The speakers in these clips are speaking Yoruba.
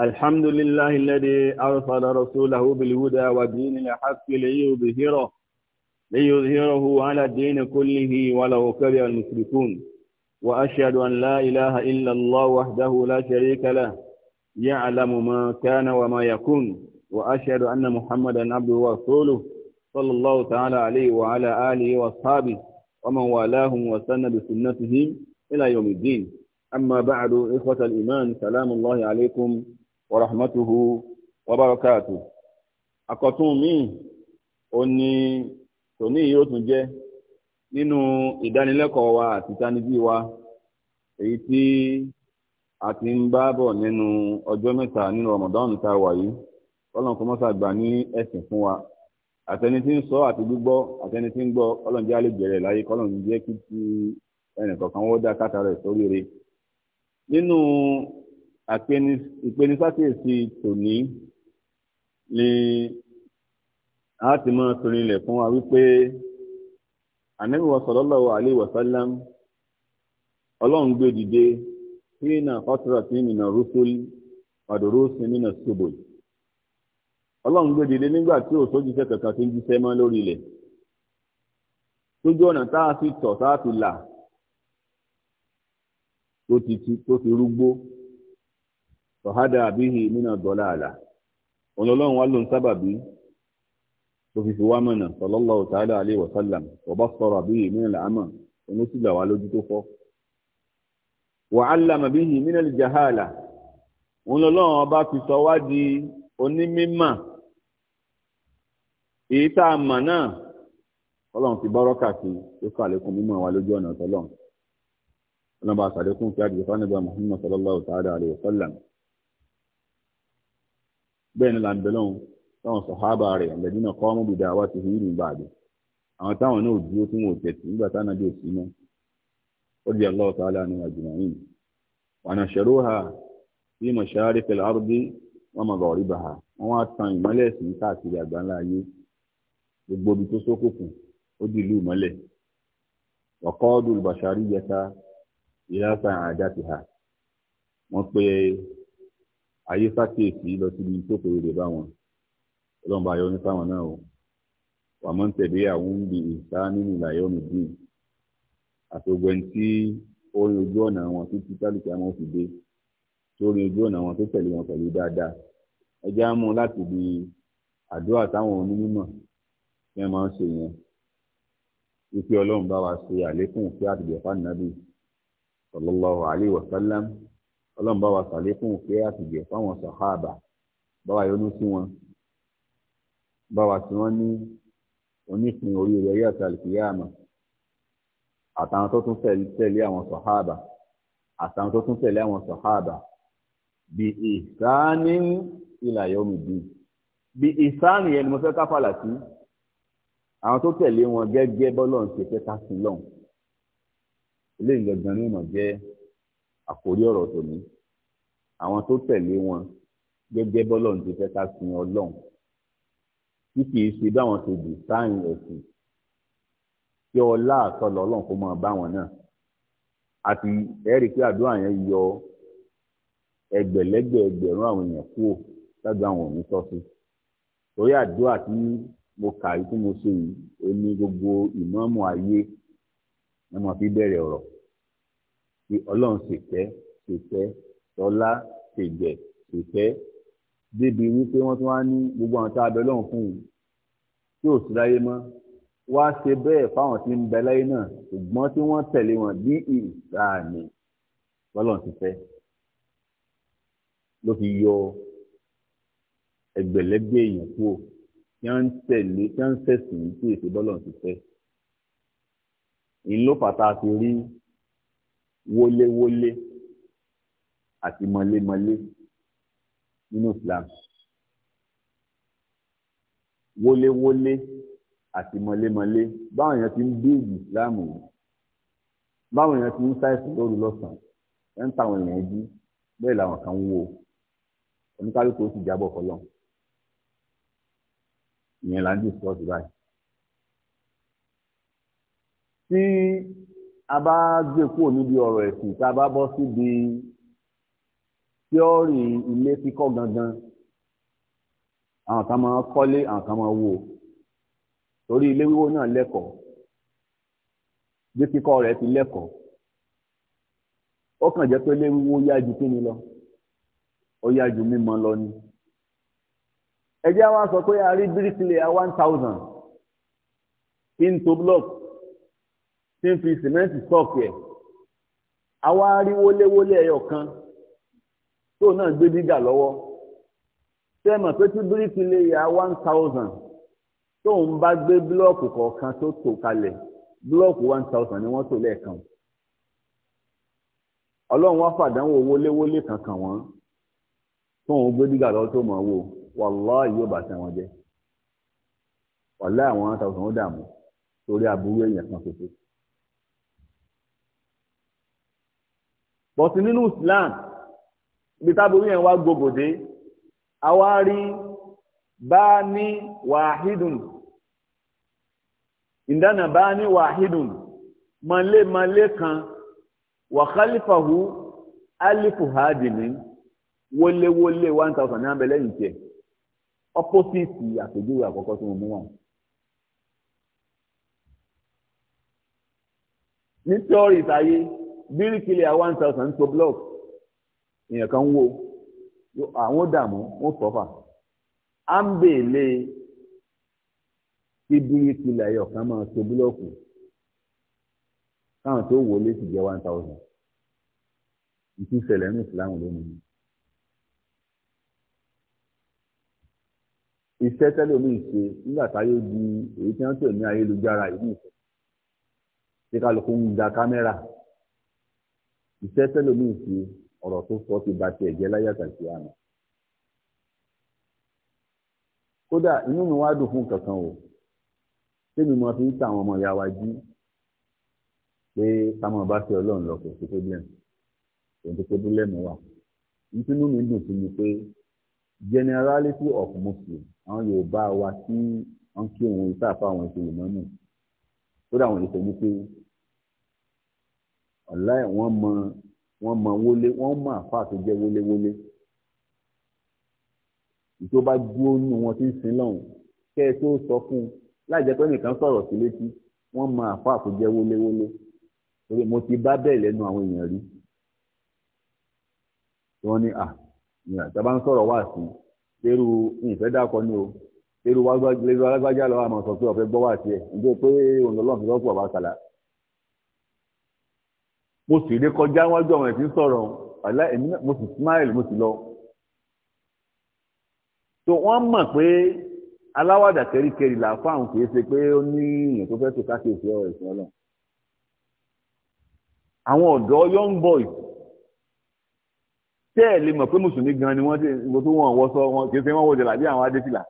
الحمد لله الذي أرسل رسوله بالهدى ودين الحق ليظهره ليظهره على الدين كله ولو كره المشركون وأشهد أن لا إله إلا الله وحده لا شريك له يعلم ما كان وما يكون وأشهد أن محمدا عبده ورسوله صلى الله تعالى عليه وعلى آله وأصحابه ومن والاهم وسن بسنتهم إلى يوم الدين أما بعد إخوة الإيمان سلام الله عليكم wa rahmatuhu wa barakatuh àkọ́tún míì tòní yìí ó tún jẹ́ nínú ìdánilẹ́kọ̀ọ́ wa àti ìtanijí wa èyí tí a ti ń bá bọ̀ nínú ọjọ́ mẹ́ta nínú Ramadan tá a wà yìí Ọlọ́run ìpenisákèsí tòní ni a ti máa torinlẹ̀ fún wa wípé ànábì wa sallallahu alaihi wasallam ọlọ́run gbé dìde hina fatratin mina rusul wadurusin mina subul ọlọ́run gbé dìde nígbà tí ò sójúṣe kankan tí ń jíṣẹ́ mọ́ lórí ilẹ̀ lójú ọ̀nà tá a fi tọ̀ tá a fi là tó ti rúgbó fàhádà àbíhì nínà dọ́là àlà ọlọ́lọ́run wá ló ń sábàbí tó fi fi wá mọ̀nà sallallahu ta'ala alayhi wa sallam ọba sọ̀rọ̀ àbíhì nínà làámà òun sì là wá lójú tó fọ́ wa allama bihi nínà jahala ọlọ́lọ́run ọba fi sọ wá di onímímọ̀ èyí tá a mọ̀ náà ọlọ́run ti bọ́rọ́ kàkí ó kọ́ àlékún mímọ́ wa lójú ọ̀nà ọ̀tọ́lọ́run ọlọ́run bá a sàlékún kí á di Muhammad sallallahu ta'ala wa sallam bẹ́ẹ̀ ni là ń bẹ lọ́hùn táwọn sọ̀hábà rẹ̀ ẹ̀lẹ́dínà kọ́ mú bìdá wa ti nígbà àwọn táwọn náà dúró tí wọn ò tẹ̀sí nígbà táwọn bí òsì náà ó di Allah ta'ala ní àjùmáyìn ṣẹ̀rọ ha bí mọ̀ṣáré fẹlẹ̀ arúgbé wọn mọ̀ lọ́ọ̀rí bàá wọn wá tan ìmọ́lẹ̀ sí káàkiri àgbáńlá ayé gbogbo ibi tó ó di ìlú ìmọ́lẹ̀ bàṣárí yẹta àdá ha wọ́n ayé sákèsí lọ síbi ìjókòó rẹ̀ bá wọn ọlọ́run bá yọ ní sáwọn náà o wàmọ́ ń tẹ̀lé àwọn ń bi ìta nínú ìlàyọ̀ mi dùn àti gbogbo ẹni tí ó rin ojú ọ̀nà wọn títí tálùkì àwọn fi dé tó rin ojú ọ̀nà wọn tó tẹ̀lé wọn pẹ̀lú dáadáa ẹjẹ́ á mú láti bi àdúrà táwọn onímọ̀ tí wọ́n máa ń ṣe yẹn wípé ọlọ́run bá wa ṣe àlékún kí àtìgbẹ̀fà nàbì sallallahu alaihi wasallam ọlọ́run bá wa sàlékún òkè àtìgbẹ̀ fáwọn sàhábà bá wa yọ́nú sí wọn bá wa tí wọ́n ní onípín orí rẹ̀ yẹ́ àtàlùkìyàmà àtàwọn tó tún tẹ̀lé àwọn sàhábà àtàwọn tó tún tẹ̀lé àwọn sàhábà bí ìsáání ìlà yọmi bí bí ìsáání yẹn ni mo fẹ́ káfàlà sí àwọn tó tẹ̀lé wọn gẹ́gẹ́ bọ́lọ́run ṣe fẹ́ ká sí lọ́hùn eléyìí gangan ni jẹ́ àkórí ọ̀rọ̀ tòní àwọn tó tẹ̀lé wọn gẹ́gẹ́ bọ́lọ̀ ní ti fẹ́ ká sin ọlọ́run tí kìí ṣe báwọn ti dì sáyìn ẹ̀sìn kí ọlá àtọlọ ọlọ́run kó máa báwọn náà àti ẹ̀rí pé àdúrà yẹn yọ ẹgbẹ̀lẹ́gbẹ̀ ẹgbẹ̀rún àwọn èèyàn kúrò lágbà àwọn òní tọ́sí torí àdúrà tí mo kà yìí tí mo ṣe yìí ó ní gbogbo ìmọ̀ọ́mù ayé ni mo fi bẹ̀rẹ̀ ọ̀rọ̀ fi ọlọ́run ṣèfẹ́ ṣèfẹ́ tọ́lá ṣègbẹ̀ ṣèfẹ́ débi wípé wọ́n tún wá ní gbogbo àwọn tá a bẹ lọ́run fún un tí ò sí láyé mọ́ wá ṣe bẹ́ẹ̀ fáwọn tí ń bẹ láyé náà ṣùgbọ́n tí wọ́n tẹ̀lé wọn bí ìsáàmì lọ́lọ́run ti fẹ́ ló fi yọ ẹgbẹ̀lẹ́gbẹ̀ èèyàn kúrò tí wọ́n ń tẹ̀lé tí wọ́n ń tí èsì bọ́lọ́run ti fẹ́ ìlú pàtàkì rí wọléwọlé àti mọlémọlé nínú Islam wọléwọlé àti mọlémọlé báwọn èèyàn ti ń bíìdì Islam yìí báwọn èèyàn ti ń ṣàìsàn lóru lọ́sàn-án ẹ̀ ń tàwọn èèyàn jí bẹ́ẹ̀ làwọn kan ń wo oníkálukú ó sì jábọ̀ fọlọ́n ìyẹn là ń dì sọ́ọ̀tì báyìí a bá gbé kúrò níbi ọ̀rọ̀ ẹ̀sìn tá a bá bọ́ síbi tíọ́rì ilé kíkọ́ gangan àwọn kan máa kọ́lé àwọn kan máa wò torí ilé wíwó náà lẹ́kọ̀ọ́ bí kíkọ́ rẹ̀ ti lẹ́kọ̀ọ́ ó kàn jẹ́ pé ilé wíwó yá ju kíni lọ ó yá ju mímọ lọ ni ẹ jẹ́ wá sọ pé a rí bíríkìlẹ̀ one thousand into block tí ń fi sìmẹ́ǹtì sọ́ọ̀kì ẹ̀ àwa rí wóléwólé ẹyọ kan tó náà gbé dígà lọ́wọ́ sẹ́mọ̀ pé tí bíríkì lè ya one thousand tóun bá gbé búlọ́ọ̀kù kọ̀ọ̀kan tó tò kalẹ̀ búlọ́ọ̀kù one thousand ni wọ́n tò lẹ́ẹ̀kan ọlọ́run wá fàdánwò wóléwólé kankan wọ́n tóun gbé dígà lọ́wọ́ tó mọ̀ wò wàláhì yóò bà wọn jẹ wàláhì àwọn one thousand ó dààmú torí aburú èèyàn kan ṣoṣo. bọ̀tí nínú Islam bí tábìlì yẹn wá gbogòdé àwa rí bá ní wàhídùn ìdáná bá ní wàhídùn mọ̀lẹ́mọ̀lẹ́ kan wàhálífàhù alifuhadini wọléwọlé one thousand ní abẹ́lẹ́ yìí tiẹ̀ ọ́pọ́sìtì àpèjúwe àkọ́kọ́ tó mú wọn. nítorí ìtayé bíríkìlẹ̀ one thousand tó block èèyàn kan wo àwọn dààmú wọn sọfà à ń bèèlè kí bíríkìlẹ̀ ẹ̀yọ̀ kan máa tó búlọ́ọ̀kù káwọn tó wọlé sì jẹ́ one thousand ìtú ìṣẹ̀lẹ̀ ní ìsìláàmù lónìí. iṣẹ́ tẹ́lẹ̀ omi ìṣe nígbà táyé di èyí tí wọ́n ń ní ayélujára ìlú ìṣe tí kálukú ń da kámẹ́rà iṣẹ́ tẹ́lómìn sí ọ̀rọ̀ tó sọ ti ba tiẹ̀ jẹ́ láyàtà sí àná. kódà inú mi wá dùn fún kankan o tèmi mo fi ń ta àwọn ọmọ ìyá wa jí pé táwọn bá fi ọlọ́run lọ kò sí problem kò sí problem wà nínú mi dùn sí mi pé generality of muslim àwọn yorùbá wa tí wọ́n kí òun ìta àfa àwọn ìṣòwò mọ́nù kódà àwọn ìṣòwò pé wàláì wọ́n mọ wọ́n mọ wọlé wọ́n mọ àfáà tó jẹ́ wọléwọlé ìtò bá dúró nù wọn ti ń sin lọ́hùn kẹ́ ẹ tó sọ fún un láì jẹ́ pé nìkan sọ̀rọ̀ sí létí wọ́n mọ àfáà tó jẹ́ wọléwọlé torí mo ti bá bẹ́ẹ̀ lẹ́nu àwọn èèyàn rí wọ́n ní à ìyàn tí a bá ń sọ̀rọ̀ wá sí lérú ìfẹ́ dákọ ni o lérú alágbájá lọ́wọ́ àmọ́ sọ pé ọ̀fẹ́ gbọ́ wá sí ẹ̀ ǹjẹ́ pé òǹdọ́lọ́ọ̀fẹ́ lọ́pọ̀ àbákàlà mo sì rí kọjá wájú àwọn ẹ̀sìn sọ̀rọ̀ àlá èmi náà mo sì smile mo sì lọ. tó wọ́n mọ̀ pé aláwàdà kẹríkẹrí là fáwọn kì í ṣe pé ó ní èèyàn tó fẹ́ tó káṣíìsì ọ̀rọ̀ ẹ̀sìn ọlọ́run. àwọn ọ̀dọ́ young boys tẹ́ ẹ̀ lè mọ̀ pé mùsùlùmí gan ni wọ́n ti wo tó wọ́n wọ́ sọ wọn kì í ṣe wọ́n wọ́n jẹ̀lá bí àwọn adéfìlà.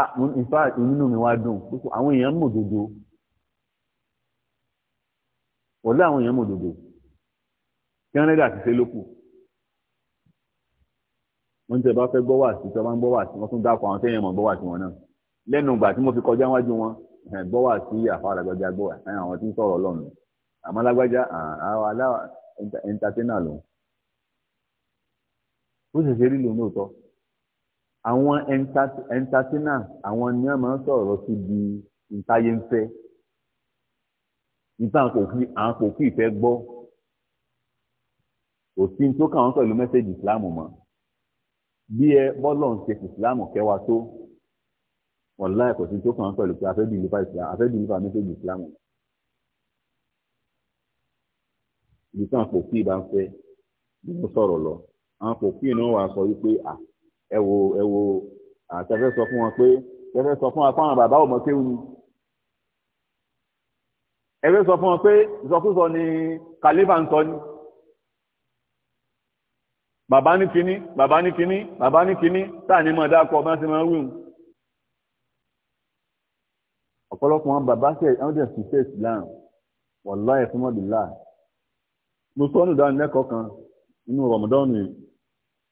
ah in fact inú mi wá dùn àwọn èèyàn mọ̀ dodo wọ́n lé àwọn èèyàn mọ̀dòdò kí wọ́n rẹ́dà àti ṣe lókù wọ́n tẹ́ bá fẹ́ gbọ́ wà sí tọ́ bá ń gbọ́ wà sí wọ́n tún dákọ̀ àwọn tẹ́yìn mọ̀ gbọ́ wà sí wọn náà lẹ́nu ìgbà tí mo fi kọjá wájú wọn gbọ́ wà sí àfa àlágbájá gbọ́ wà sáyẹn àwọn tí ń sọ̀rọ̀ lọ́nà àmọ́ lágbájá àwọn aláwọ̀ ẹ̀ńtátẹ́nà lòun ó sì ṣe rí lòun lóòótọ́ àwọn ẹ̀ńtátẹ́nà àwọn ni wọ́n máa ń sọ̀rọ̀ sí ìtayé ń nípa àwọn kò fi àwọn kò fi ìfẹ́ gbọ́ òfin tó kàn wọ́n pẹ̀lú mẹ́sẹ̀gì ìsìláàmù mọ́ bí ẹ bọ́lọ̀ ń ṣe ìsìláàmù kẹwàá tó ọ̀la ẹ̀kọ́ sí tó kàn wọ́n pẹ̀lú pé afẹ́bí nípa ìsìláàmù afẹ́bí nípa mẹ́sẹ̀gì ìsìláàmù ibi táwọn kò fi ìbá ń fẹ́ ni mo sọ̀rọ̀ lọ àwọn kò fi ìnáwó wa sọ wípé ẹ wo ẹ wo àtẹfẹ́ sọ fún wọn pé tẹfẹ́ sọ fún wa fún àwọn bàbá òmọ kéwù ni ẹgbẹ́ sọ fún wọn pé ìsọkúsọ ni kàlífà ń sọ ni bàbá ní kíní bàbá ní kíní bàbá ní kíní táà ní mọ̀ dákọ̀ bá ti máa ń wíwùn ọ̀pọ̀lọpọ̀ wọn bàbá sí ẹ̀hún sí ṣe islam wọ̀lá ẹ̀fún mọ́bìlá mo sọ ọ́nù ìdánilẹ́kọ̀ọ́ kan nínú rọ̀mọdọ́nù yìí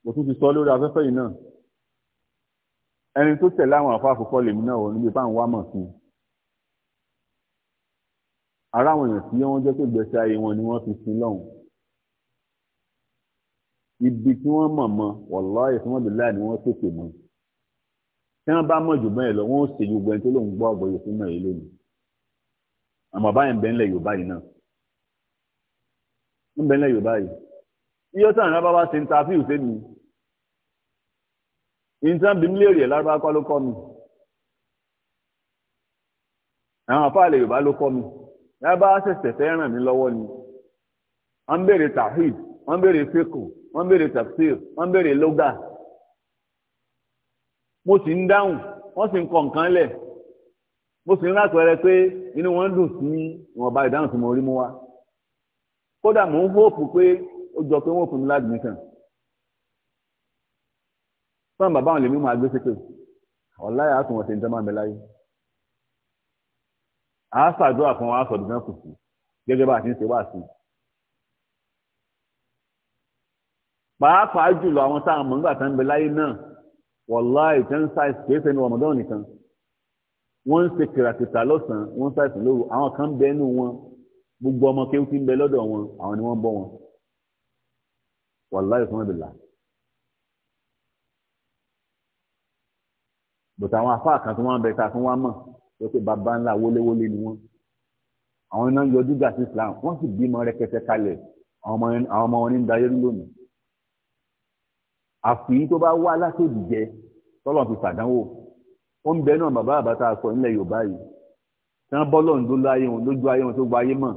mo tún ti sọ lórí afẹ́fẹ́ yìí náà ẹni tó tẹ̀lé àwọn àfáàfù kọ́ lèmi náà ò níbi fáwọn wá mọ̀ sí i ara àwọn èèyàn tí wọ́n jẹ́ pé gbèsè ayé wọn ni wọ́n fi sin lọ́hùn ibi tí wọ́n mọ̀ mọ́ wọ̀lọ́ọ̀yẹ̀ tí wọ́n lè láì ni wọ́n tètè mọ́ tí wọ́n bá mọ̀ jù bẹ́ẹ̀ lọ wọ́n ó ṣe gbogbo ẹni tó lóun gbọ́ ọ̀gbọ́yè fún mọ̀ yìí lónìí àmọ́ báyìí ń bẹ ńlẹ̀ Yorùbá yìí náà ń bẹ ńlẹ̀ Yorùbá yìí iye tí àwọn bàbá ṣe ń ta fíìlù sẹ́ni ìtàn bí mílíọ̀nù ẹ̀ lárúbá kọ́ ló kọ́ mi àwọn àfáà Yorùbá ló kọ́ mi. lábá ṣẹ̀ṣẹ̀ fẹ́ ràn mí lọwọ ni wọ́n béèrè tahid wọ́n béèrè fíkù wọ́n béèrè tafsir mo sì ń dáhùn wọ́n sì ń kọ nǹkan mo sì ń rákọ̀ọ́rẹ́ pé inú wọn dùn sí ìdáhùn tí mo rí mú wá kódà mò ń hóòpù pé ó jọ pé wọ́n fún mi láti nìkan fún bàbá àwọn lèmi mú agbésẹ́pẹ̀ ọ̀láyà á tún ṣe a ṣàdúrà fún wa sọ̀dọ̀ náà kù gẹ́gẹ́ bá a ti ń ṣe wá sí i. pàápàá jùlọ àwọn tá a mọ̀ nígbà tá ń bẹ láyé náà wọ̀láì tẹ́ ń ṣàìsì kìí ṣe ní ọmọdé nìkan wọ́n ń ṣe kìràkìtà lọ́sàn-án wọ́n ń ṣàìsì lóru àwọn kan bẹ nínú wọn gbogbo ọmọ kéwù ti ń bẹ lọ́dọ̀ wọn àwọn ni wọ́n bọ́ wọn wọ̀láì fún ẹ̀bìlà. bùtà àwọn afá kan tí wọ́n bẹ ta fún wa mọ̀ sọ baba ńlá wọléwọlé ni wọ́n àwọn iná yọjú gà sí Islam wọ́n sì bímọ rẹpẹtẹ kalẹ̀ àwọn ọmọ wọn ní dayé lónìí àfi tó bá wá látòdì jẹ tọ́lọ̀ fi sàdánwò ó ń bẹ náà bàbá àbáta sọ nílẹ̀ Yorùbá yìí tí wọ́n bọ́lọ̀ ń dúró ayé wọn lójú ayé wọn tó gba ayé mọ̀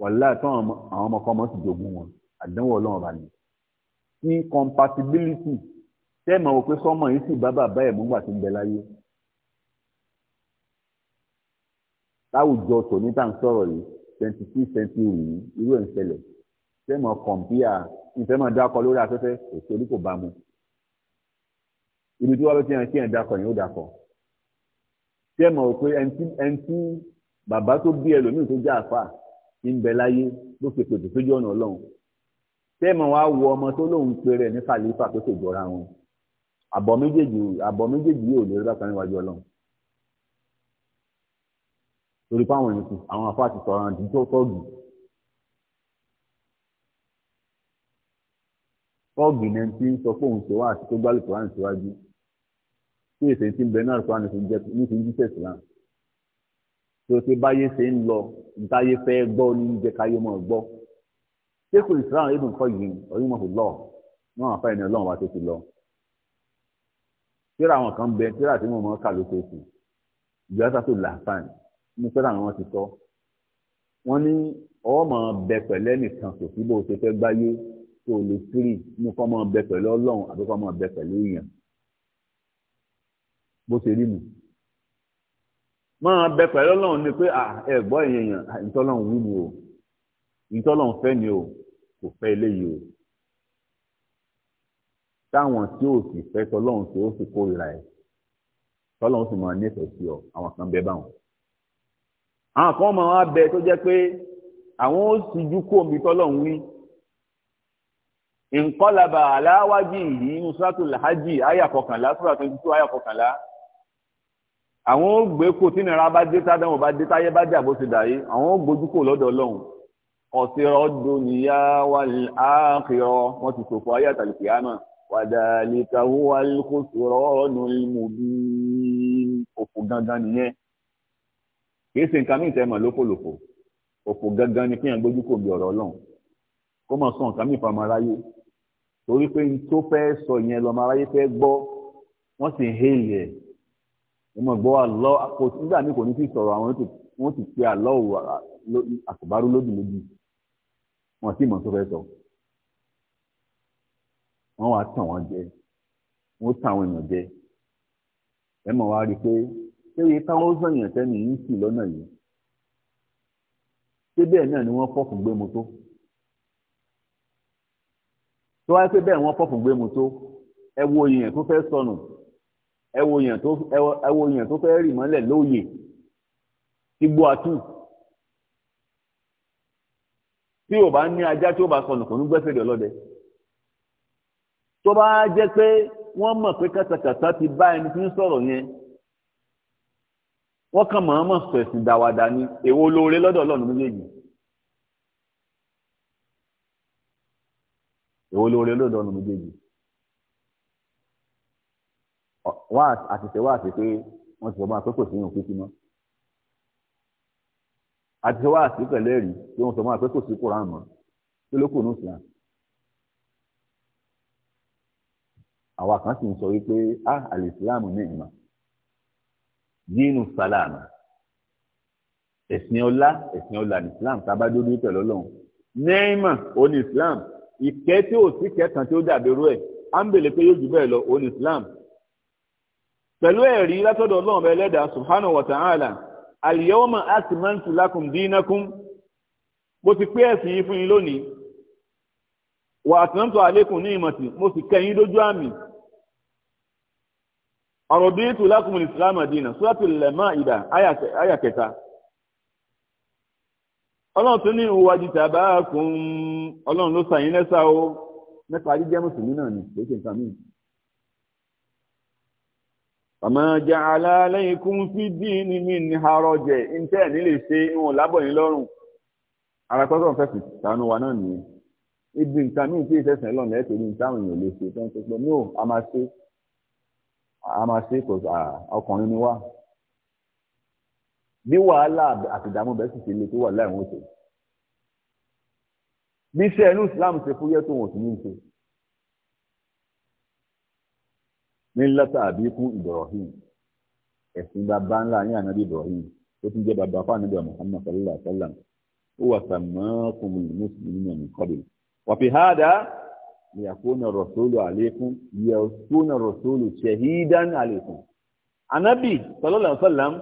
wàhálà tán àwọn ọmọkọ́mọ sì jogún wọn àdánwò Ọlọ́run bá ní incompatibility tẹ́ẹ̀mọ̀ wò pé sọ́mọ yìí sì bá bàbá ẹ̀ mú gbà tó ń bẹ láyé láwùjọ tòní tá à ń sọ̀rọ̀ yìí twenty two century yìí irú ẹ̀ ń ṣẹlẹ̀ fẹ́mọ̀ kọ̀m̀pìà ìfẹ́mọ̀ dákọ̀ lórí afẹ́fẹ́ kò sí orí kò bá mu ibi tí wọ́n bẹ ti hàn kí ẹ̀ dákọ̀ yẹn ó dákọ̀ fẹ́mọ̀ pé ẹni tí bàbá tó bí ẹlòmíì tó jẹ́ àfà ń bẹ láyé ló fi pètè sójú ọ̀nà ọlọ́run fẹ́mọ̀ wá wọ ọmọ tó lóun pe rẹ̀ ní kàlífà tó ṣèjọra wọn àbọ̀ méjèèjì àbọ̀ méjèèjì yóò lè rí bákan níwájú ọlọ́run torí fáwọn èèyàn kù àwọn afá ti sọ̀rọ̀ àti tó tọ́ọ̀gì tọ́ọ̀gì náà ti ń sọ pé òun ṣe wá àti tó gbálù kúránì síwájú tí èsè ti ń bẹ náà kúránì fi jẹ ní fi jíṣẹ́ ìsìlámù tí o ti báyé ṣe ń lọ ìtayé fẹ́ gbọ́ ní jẹ́ káyé mọ́ gbọ́ ṣéèkù ìsìlámù ibùn kọ́ yìí ọ̀yún mọ̀ kò lọ náà àfáà ẹni ọlọ́run wá tó ti lọ tíra àwọn kan bẹ tíra tí mo mọ̀ ká lóṣooṣù ìjọ ní sọ́dà ni wọ́n ti sọ wọ́n ní ọwọ́ máa bẹ pẹ̀lẹ́ nìkan kò sí bó o ṣe fẹ́ gbáyé tó o lè tírì ní kọ́ máa bẹ pẹ̀lú ọlọ́run àbí kọ́ máa bẹ pẹ̀lú èèyàn bó ṣe rí mi máa bẹ pẹ̀lú ọlọ́run ni pé ẹ gbọ́ èèyàn ìtọ́lọ́run wí ni o ìtọ́lọ́run fẹ́ ni o kò fẹ́ eléyìí o táwọn tí ò sì fẹ́ tọ́lọ́run tí ó sì kórìíra ẹ̀ tọ́lọ́run sì máa nífẹ̀ẹ́ sí ọ àwọn kan bẹ báwọn àwọn kan máa wá bẹ tó jẹ́ pé àwọn ó sì ju kóòmì tọ́lọ̀ ń wí nkọlaba aláwájì yìí inú suratul hajj àyà kọkànlá sura twenty àwọn ó gbé kó tí bá dé tádánwò bá dé táyé bá dé àbóṣe dàrí àwọn ó gbójú kó lọ́dọ̀ ọlọ́run ọ̀sẹ̀rọ̀ dùnìyà wal akhirah wọ́n ti sòfò ayé àtàlùkìyàmà wadhalika huwal khusranul mubin òfò gangan nìyẹn kìí ṣe nǹkan míì tẹ́ mọ̀ lókòlòkò òkò gangan ni kéèyàn gbójú kò bí ọ̀rọ̀ ọlọ́run kó mọ̀ sọ nǹkan míì fọmọ aráyé torí pé tó fẹ́ sọ yẹn lọmọ aráyé fẹ́ gbọ́ wọ́n sì ń hélì ẹ̀ ọmọ gbọ́ àlọ́ kò nígbà míì kò ní sí sọ̀rọ̀ àwọn wọ́n ti pe àlọ́ àkùbárú lódì lódì wọ́n sì mọ̀ tó fẹ́ sọ wọ́n wàá tàn wọ́n jẹ wọ́n tàn àwọn èèyàn jẹ ẹ mọ̀ wá rí i pé ṣéye táwọ́sàn èèyàn tẹ́nu yìí sì lọ́nà yìí ṣé bẹ́ẹ̀ náà ni wọ́n fọ́fùn gbé mu tó tó wáyé pé bẹ́ẹ̀ wọ́n fọ́fùn gbé mu tó ẹ wo èèyàn tó fẹ́ sọnù ẹ wo èèyàn tó fẹ́ rì mọ́lẹ̀ lóye ti gbó atú tí ò bá ní ajá tí ó bá sọnù kò ní gbẹ́sẹ̀ lé ọlọ́dẹ tó bá jẹ́ pé wọ́n mọ̀ pé kàtàkàtà ti bá ẹni tí ń sọ̀rọ̀ yẹn wọ́n kàn máa mọ̀ sẹ̀sìn dàwàdà ni èwo lóore lọ́dọ̀ ọlọ́run méjèèjì èwo lóore lọ́dọ̀ ọlọ́run méjèèjì wá àtìsẹ́ wá àti pé wọ́n ti sọ máa pé kò sí ìyàn pípín mọ́ àtìsẹ́ wá àti pẹ̀lú ẹ̀rí pé wọ́n sọ máa pé sí kóra mọ́ kí ló kù ní ìsìn àwa kan sì ń sọ wípé ah àlè ìsìláàmù ní ìmọ̀ dínú sàlámà ẹ̀sìn ọlá ẹ̀sìn ọlá ní islam tábàdúró pẹ̀lú ọlọ́run nẹ́ẹ̀mà òun ní islam ìkẹ́ tí ò sí kẹtàn tí ó dàbí irú ẹ̀ á ń bèlè pé yóò jù bẹ́ẹ̀ lọ òun islam pẹ̀lú ẹ̀rí látọ̀dọ̀ ọlọ́run bẹ́ẹ̀ lẹ́dàá subhanahu wa ta'ala al-yawma akmaltu lakum dinakum mo ti pé ẹ̀sìn yìí fún yín lónìí wa atmamtu alaykum ni'mati mo sì kẹ́ yín àmì àròdí ètò lákùnmù ìsìlámù àdínà suratul Maida àyà kẹta ọlọ́run tó ní ìwádìí tàbá kún ọlọ́run ló sàyín lẹ́sà o nípa jíjẹ́ mùsùlùmí náà ni kò ṣe nǹkan míì. àmọ́ ja'ala alaykum fi dini min harajin ntẹ́ ẹ̀ nílé ṣe ìwọ̀n lábọ̀ yín lọ́rùn arakọ́sọ̀ fẹ̀sùn sànù wa náà nìyẹn ibi nǹkan míì tí ìfẹsẹ̀ lọ́nà ẹ̀ torí nǹkan àwọn èèyàn lè ṣe tó ń sọ pé no a a máa ṣe kò ọkùnrin ni wá bí wàhálà àti ìdààmú bẹ́ẹ̀ sì ti le tó wà láìwọ̀n òṣè bí iṣẹ́ inú Islam ṣe fúyẹ́ tó wọ̀n sí ní ṣe ní lẹ́tà àbí fún Ibrahim ẹ̀sìn bàbá ńlá ní ànábì Ibrahim tó tún jẹ́ bàbá fún ànábì Muhammad sallallahu alaihi wa sallam ó wà sàmọ́ kùnmùnì mùsùlùmí nìkọ́bì wàfi hádàá yakuna rasulu alaykum yakuna rasulu shahidan alaykum anabi sallallahu alaihi wasallam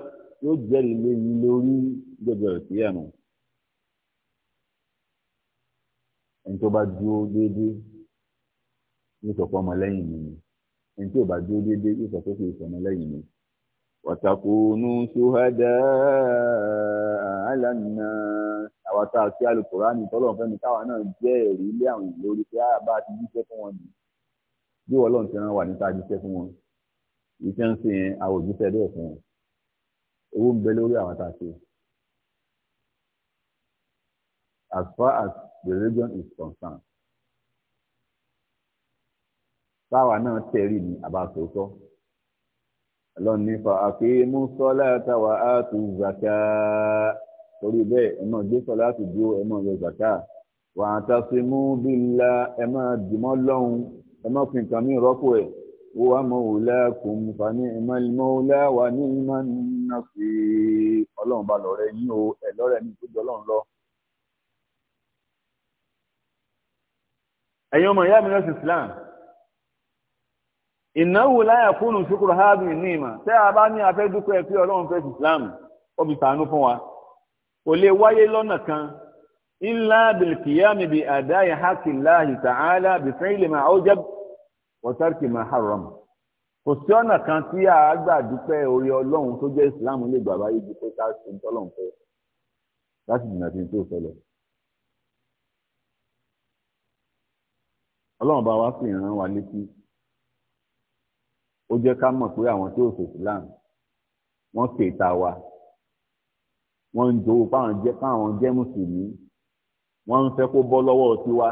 yóò jẹ́rìí lé yín lórí gbogbo ẹsẹ yẹn nù ẹni tó bá dúró déédéé yóò sọ pé ọmọlẹ́yìn mi ni ẹni tó bá dúró déédéé yóò sọ pé kì í sọ mi. wa takunu shuhada ala àwọn tá a kí alukóra ní tọ́lọ̀ fẹ́mi táwa náà jẹ́ ẹ̀rí ilé àwọn ìlú orí pé àbá ah, ti jíṣẹ́ fún wọn ni bí wọ́n lọ́n ti rán wà níta jíṣẹ́ fún wọn iṣẹ́ ń sìn àwọn òjíṣẹ́ bẹ́ẹ̀ fún wọn owó ń bẹ lórí àwọn tá a ṣe. as far as the region is concerned táwa náà tẹ̀rí ni àbá sòótọ́ lọ́nìfà àkíyèmú sọ́lá táwa á tún zàkà torí bẹ́ẹ̀ ẹ máa gbé sọlá ti dúró ẹ máa yọ zàká wà á ta sí mú bí ńlá ẹ máa dìmọ́ lọ́hùn ẹ máa fi nǹkan míì rọ́pò ẹ̀ wọ́n wá mọ òòlà kùn fani ìmọ̀lẹ́mọ́ òòlà wà ní ìmọ̀ nínú sí ọlọ́run bá lọ́rẹ́ yín o ẹ̀ lọ́rẹ́ ní ìtọ́jú ọlọ́run lọ. ẹ̀yin ọmọ ìyá mi lọ́sí Islam ìnáwó láyà fóònù ṣukuru hábì ní ìmọ̀ tẹ́ a bá ní afẹ́ dúpẹ́ pé ọlọ́run fẹ́ Islam ó fi sàánú fún wa kò lè wáyé lọ́nà kan illa bilkiyami bi adai hakillahi ta'ala bi fi'li ma awjab wa tarki ma haram kò sí ọ̀nà kan tí a gbà dúpẹ́ orí ọlọ́run tó jẹ́ islam lè gbà báyé ju pé ká ṣe tọ́lọ́run fẹ́ láti dènà sí tó ṣẹlẹ̀. ọlọ́run bá wa fi ìran wa létí ó jẹ́ ká mọ̀ pé àwọn tí ó ṣe islam wọ́n ṣe ìta wa wọ́n ń jowó fáwọn jẹ́ fáwọn jẹ́ mùsùlùmí wọ́n ń fẹ́ kó bọ́ lọ́wọ́ tiwa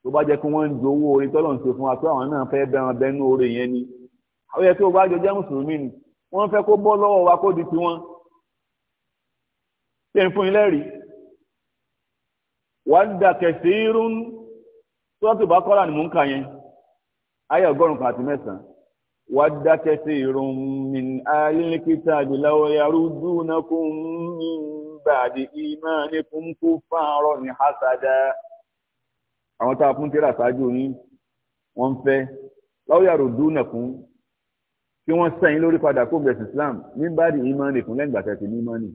tó bá jẹ́ kí wọ́n ń jowó orí tọ́lọ̀ ń ṣe fún wa pé àwọn náà fẹ́ bẹran bẹnu orí yẹn ni ó yẹ kí o bá jọ jẹ́ mùsùlùmí ni wọ́n fẹ́ kó bọ́ lọ́wọ́ wa kó di tiwọn ṣé n fún yín lẹ́rìí wàá dàkẹ̀ sí irun tó tó bá kọ́ra ni mò ń kà yẹn ayé ọgọ́rùn-ún kan àti mẹ́sàn-án ود كثير من أهل الكتاب لو يردونكم من بعد إيمانكم كفارا حسدا àwọn tá a fún tíra ṣáájú yín wọ́n ń fẹ́ láwùjọ àròdúnàkún kí wọ́n sẹ́yìn lórí padà kó gbẹ̀sì Islam ní báàdì ìmánìkún lẹ́yìn ìgbà tẹ̀sí ní ìmánì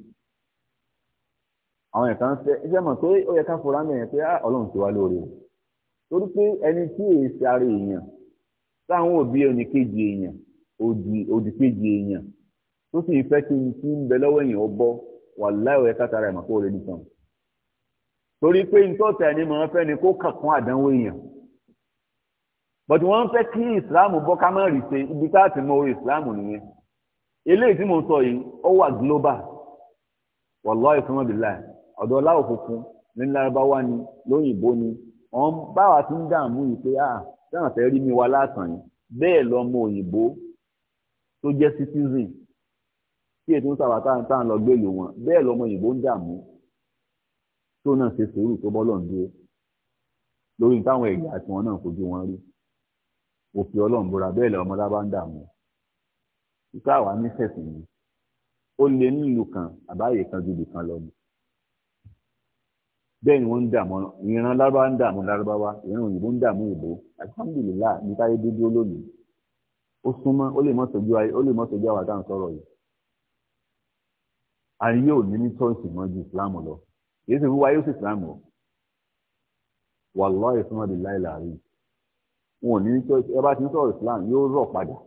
àwọn ẹ̀ka ń fẹ́ iṣẹ́ mọ̀ pé ó yẹ ká fura mẹ́rin pé ah, ọlọ́run ti wá lóore o torí pé ẹni tí èyí ṣe ara èèyàn táwọn òbí oníkejì èèyàn òdì òdìkejì èèyàn tó sì fẹ́ kí n ti ń bẹ lọ́wọ́ èèyàn ó bọ́ wà láìwẹ̀ kátàrà ìmọ̀ kó nìkan torí pé ntọ́tà ni màá fẹ́ ni kó kàkún àdánwò èèyàn but wọ́n fẹ́ kí ìsìláàmù bọ́ ká má rí ṣe ibi tá a ti mọ nìyẹn eléyìí tí mo sọ yìí ó wà global ọ̀dọ̀ láwọ̀ táwọn fẹ́ rí mi wá lásán yìí bẹ́ẹ̀ lọ́mọ òyìnbó tó jẹ́ citizen tí ètò ń sàwátà tá à ń lọ gbèlò wọn bẹ́ẹ̀ lọ́mọ òyìnbó ń dààmú tó náà ṣe sùúrù tó bọ́lọ̀ ń dúró lórí táwọn ẹ̀yà àti wọn náà fojú wọn rí òfin ọlọ́run búra bẹ́ẹ̀ lọ́mọ lábá ń dààmú ìkáwá ní sẹ̀sìn ni ó lé nílùú kan àbáyé kan ju ibì kan lọ bẹ́ẹ̀ ni wọ́n ń dààmú ìran lárúbáwá ń dààmú lárúbáwá ìran òyìnbó ń dààmú ìbò alihamudulilayi ní táyé dúdú olómi ó súnmọ́ ó lè mọ́ sojú ayé ó lè mọ́ sojú àwọn àtàwọn sọ̀rọ̀ yìí ayé ò ní ní tọ́ọ̀sì mọ́ ju islam lọ èyí sì wíwáyé ó sì islam o wàláhì ìfúnmọ́dúnláì làárí wọn ò ní ní tọ́ọ̀sì ẹ bá ti ń sọ̀rọ̀ islam yóò rọ̀ padà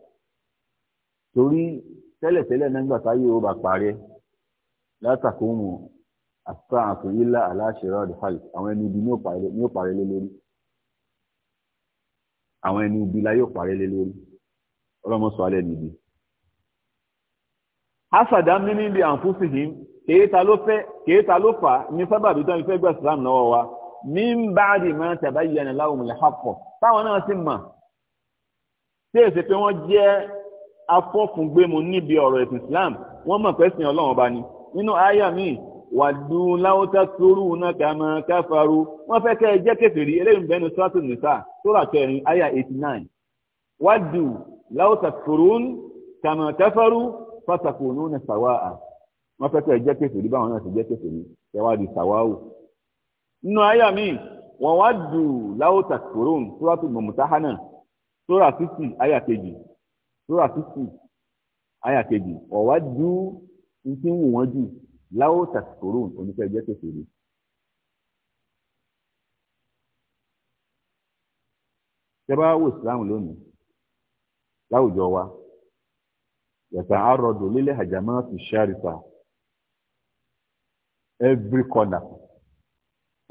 torí tẹ́lẹ̀tẹ́lẹ̀ nígbà táyé ó bá parẹ́ látàkùn àtúntà àtún ilá aláṣẹrọ ọdẹfàlì àwọn ẹni ibi ní ó parẹ́ lé lórí àwọn ẹni ibi la yóò parẹ́ lé lórí ọlọmọsọ alẹ níbi. hasada mímí bí àǹfùsì yìí kèéta ló fẹ́ kèéta ló fà ní sábàbí tó ń fẹ́ gbà sílámù lọ́wọ́ wa ní ń bá àdì máa tàbá yìí ẹni láwùmù lè hapọ̀ táwọn náà sì mà tí èsì pé wọ́n jẹ́ afọ́fúngbẹ́mu níbi ọ̀rọ̀ ẹ̀sìn Islam wọ́n mọ̀ pẹ́sìn Ọlọ́run ọba ni nínú àyà míì wàdùn láwùtá sórú náà kàmá wọ́n fẹ́ kẹ́ ẹ jẹ́ kèfèrí eléyìí bẹ́ẹ̀ ni sọ́ọ̀tù nìsà kẹrin àyà eighty nine wàdùn láwùtá sórú kàmá ní sàwáà wọ́n fẹ́ kẹ́ ẹ jẹ́ kèfèrí báwọn náà di sàwáwù. nínú àyà mi wọ́n wàdùn láwùtá sórú sóràtù mọ̀mùtáhánà àyà kejì láwọ tàkùrù oníkẹ́ ẹgbẹ́ kékeré. tẹ́bá wò islam lónìí láwùjọ wa yàtà àròdò lílẹ̀ àjàmọ́ ti ṣàrìfà every corner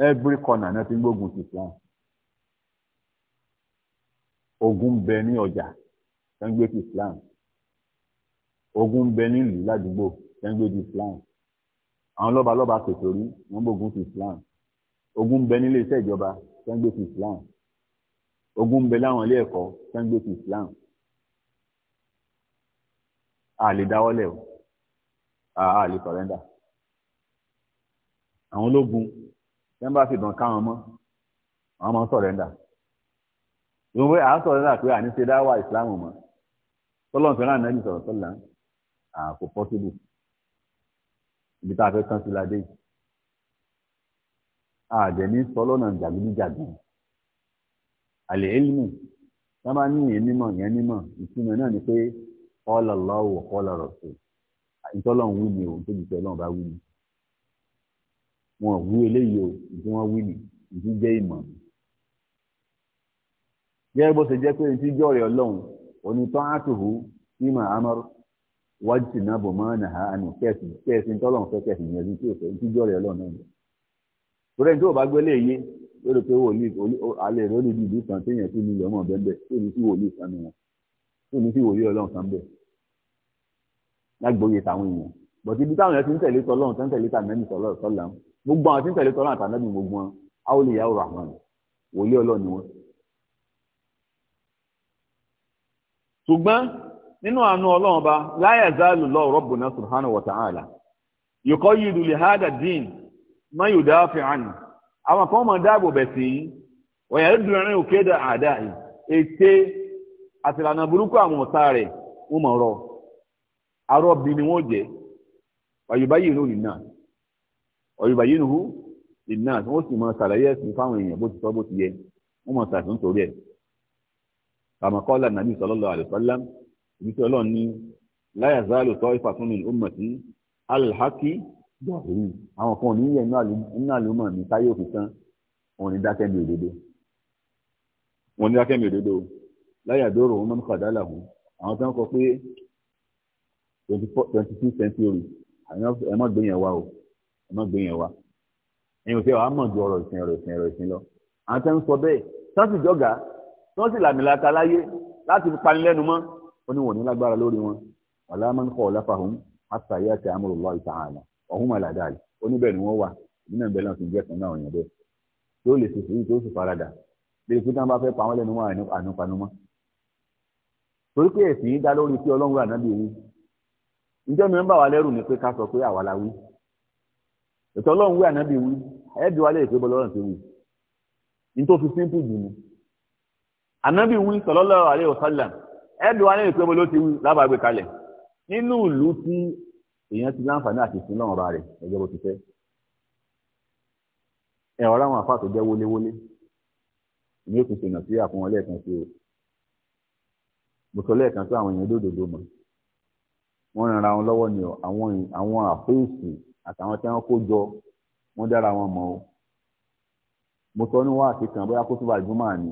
every corner náà ti ń gbógun ti islam ogun bẹ ní ọjà tó ń gbé ti islam ogun bẹ nílùú ládùúgbò tó ń gbé ti islam àwọn lọ́ba lọ́ba kòtò rí wọ́n gbógun ti Islam ogun bẹ nílé iṣẹ́ ìjọba sẹ́ńgbé ti Islam ogun bẹ láwọn ilé ẹ̀kọ́ sẹ́ńgbé ti Islam a lè dáwọ́lẹ̀ o a lè sọ̀rẹ́ndà àwọn ológun tẹ́ ń bá fìbọn káwọn mọ́ àwọn máa ń sọ̀rẹ́ndà ìwọ̀n pé à ń sọ̀rẹ́ndà pé à ní ṣe dáwà ìsìláàmù mọ́ tọ́lọ́ǹfẹ́ náà nẹ́bí sọ̀rọ̀ tọ́lá kò pọ́sibù ibi tá a fẹ́ tán sí ládé yìí àdẹ̀ ní sọ lọ́nà jàgídíjàgan àlẹ́ elmu tá a bá ní ìyẹn mímọ̀ ìyẹn mímọ̀ ìtumọ̀ náà ni pé qala Allahu wa qala Rasul ìtọ́lọ́run wí ni o tóbi tí ọlọ́run bá wí ni wọn wú eléyìí o ìdí wọn wí ni ìdí jẹ́ ìmọ̀ gẹ́gẹ́ bó ṣe jẹ́ pé ìdí jọ́ọ̀rẹ́ ọlọ́run onítọ́ àtùhù ìmọ̀ amọ́rọ́ wájú náà bò máa nà á àná kẹ́ẹ̀sì kẹ́ẹ̀sì ń tọ́lọ̀ fẹ́ kẹ́ẹ̀sì yẹn tí òfẹ́ jíjọ́ rẹ̀ lọ́nà ni. torí ẹni tó bá gbélé yé ó lè pe wòlíì alẹ́ rẹ̀ ó lè di ìlú kan téèyàn tó nílò ọmọ bẹ́ẹ̀ bẹ́ẹ̀ tó ní sí wòlíì kan nù wọn tó ní sí wòlíì ọlọ́run kan bẹ́ẹ̀ lágbóye táwọn èèyàn bọ̀tí ibi táwọn èèyàn ti ń tẹ̀lé tọ́lọ́run tó ṣùgbọ́n nínú àánú ọlọ́run ọba la yazalu Allahu rabbuna subhanahu wa ta'ala yuqayyidu li hadha ad-din man yudafi anhu àwọn kan mọ̀ dáàbò bẹ̀ sí wa yad'u kaida a'da'i ète àtìlànà burúkú àwọn ọ̀tá rẹ̀ wọ́n mọ̀ rọ arọ́bí ni wọ́n jẹ́ ọ̀yùbáyìnú ìnà ọ̀yùbáyìnú ìnà wọ́n sì mọ̀ sàlàyé ẹ̀sìn fáwọn èèyàn bó ti sọ bó ti yẹ wọ́n mọ̀ nàbí ibi tí ọlọ́run ní láyà záàlù tọ́ ifá fún mi ó mọ̀ sí alhaki gbàgbé àwọn kan ní yẹ nínú àlùmọ̀ mi táyé òfin tán wọn ní dákẹ́ mi òdodo wọn ní dákẹ́ mi òdodo láyà dóró wọn mọ̀ kàdá làwọn àwọn tó ń kọ pé twenty two century ẹ má gbé yẹn wá o ẹ má gbé yẹn wá ẹ̀yin ò fẹ́ wàá ọ̀rọ̀ ìsìn ọ̀rọ̀ ìsìn ọ̀rọ̀ ìsìn lọ àwọn tó ń sọ bẹ́ẹ̀ tó sì jọ̀gá tó sì làmìlaka láyé láti panilẹ́nu mọ́ ó ní wọn ní lágbára lórí wọn wàlá máa ń kọ́ ọ̀láfà hùn àtà yá ti amúrùlọ́ ìtàhànà ọ̀hún màlá dáàlì ó ní bẹ́ẹ̀ ni wọ́n wà nínú ìbẹ̀ náà ti jẹ́ náà yàn bẹ́ẹ̀ tó lè sì sèyí tó sì farada lèyí pé táwọn bá fẹ́ pa wọ́n lẹ́nu wọn ànúpanumọ́ torí pé ẹ̀sìn yìí dá lórí pé ọlọ́run ànábì yìí ǹjẹ́ mi ń bà wá lẹ́rù ni pé ká sọ pé àwa la wí ètò ọlọ́run wí ànábì wí ẹ̀ẹ́dì wa lè pé bọ́ ẹ̀dùn wa nínú ìpébo ló ti wí lábàgbé kalẹ̀ nínú ìlú tí èèyàn ti láǹfààní àti ìsìn náà ra rẹ̀ ẹ̀jẹ̀ bó ti fẹ́ ẹ̀ ọ̀rọ̀ àwọn àfáà tó jẹ́ wọléwọlé ni ó ti ṣènà sí àfún wọn lẹ́ẹ̀kan sí o mo sọ lẹ́ẹ̀kan sí àwọn èèyàn dòdòdó mọ̀ wọ́n ran ara wọn lọ́wọ́ ni àwọn àwọn àfẹ́ẹ̀sì àtàwọn tí wọ́n kó jọ wọ́n dára wọn mọ́ o mo sọ ní wáàsí kan bóyá kó tó bá jùmọ̀ àní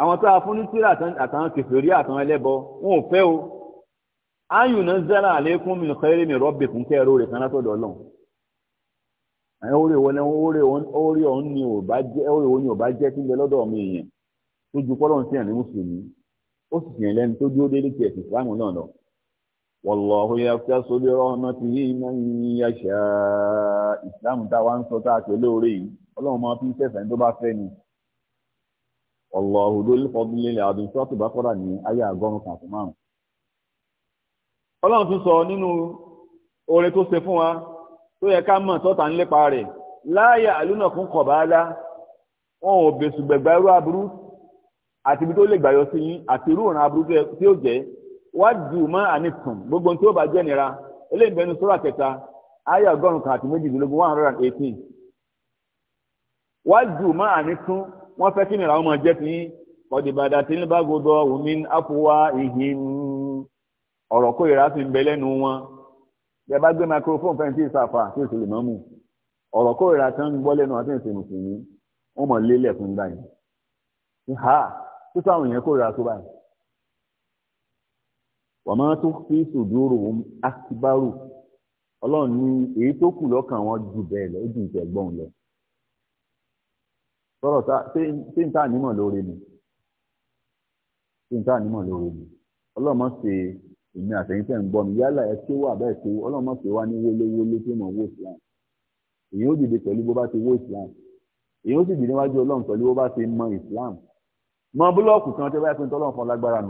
àwọn tá a fún ní tíra àtàwọn kèfèrí àtàwọn ẹlẹ́bọ wọn ò fẹ́ o ayùn náà zẹ́rà àlékún mi nìkan eré mi rọ́bì fún kẹ́ẹ̀rọ rẹ̀ kan látọ̀dọ̀ ọlọ́run orí òun orí òun ni ò bá jẹ́ orí òun ni ò bá jẹ́ kí n bẹ lọ́dọ̀ mi èèyàn tó ju pọ́lọ́run sí àní mùsùlùmí ó sì yàn lẹ́nu tó dúró déédéé ti ẹ̀sìn ìsìlámù náà lọ. wallahu yaftahu bi rahmatihi man yasha ìsìlámù táwa ń sọ tá a pè lóore yìí ọlọ́run máa fi ń sẹ̀sẹ̀ ní tó bá fẹ́ ni ọlọ́hu lórí fọdúnlélẹ̀ àdùn sọ́ọ̀tù bá kọ́ra ní ayé àgọ́rùn kan àti márùn. ọlọ́run tún sọ nínú oore tó ṣe fún wa tó yẹ ká mọ̀ tọ́ta ń lépa rẹ̀ láàyè àlùnà fún kọ̀báálá wọn ò bẹ̀sù gbẹ̀gbà irú aburú àti ibi tó lè gbàyọ sí yín àti irú òràn aburú tí ó jẹ́ wá jù mọ́ ànitùn gbogbo tí ó bá jẹ́ nira eléyìí bẹnu sọ́ra kẹta ayé àgọ́rùn kan àti méjìdínlógún one hundred and eighteen wá jù mọ́ ànitùn wọ́n fẹ́ kí nìyàrá wọn máa jẹ́ ti yín ọ̀dìbàdà tí ń bá gbọdọ̀ omi àpòwá ìhìn ọ̀rọ̀ kórìíra sì ń bẹ lẹ́nu wọn bẹ́ẹ̀ bá gbé microphone fẹ́ǹtì ìsàfà tí ò sì lè mọ́ mú ọ̀rọ̀ kórìíra tí wọ́n ń gbọ́ lẹ́nu àti ìsìn mùsùlùmí wọ́n mọ̀ lélẹ̀ fún gbà yìí ha tó sáwọn èèyàn kórìíra tó báyìí wọ́n máa tó fi sòdúró akíbárò ọlọ́run ní èyí tó kù lọ́kàn wọn jù bẹ́ẹ̀ lọ sọ̀rọ̀ ṣé n ta nímọ̀ lóore ni ṣé n ta nímọ̀ lóore ni ọlọ́mọ ṣe èmi àtẹ̀yìn tẹ̀ ń gbọ́ mi yálà ẹ tí ó wà bẹ́ẹ̀ tó ọlọ́mọ ṣe wá ní wóléwólé tó mọ̀ wó islam èyí ó dìde pẹ̀lú bó bá ti wó islam èyí ó sì dìde níwájú ọlọ́run pẹ̀lú bó bá ti mọ islam mọ búlọ́ọ̀kù kan tó bá yẹ pé fún lágbára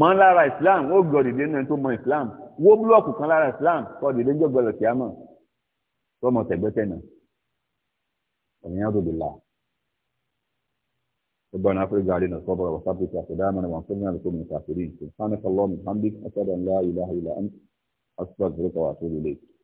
mọ lára islam ó gbọ́ dìde nínú ẹni tó mọ islam wó búlọ́ọ̀kù kan lára islam kọ́ dìde ń jọ́gbọ́lọ̀ kíámọ̀ tọ́mọ tẹ̀gbẹ́tẹ̀ náà والعياذ بالله ربنا افرج علينا الصبر وثبت اقدامنا وانصرنا لكم الكافرين سبحانك اللهم وبحمدك اشهد ان لا اله الا انت استغفرك واتوب اليك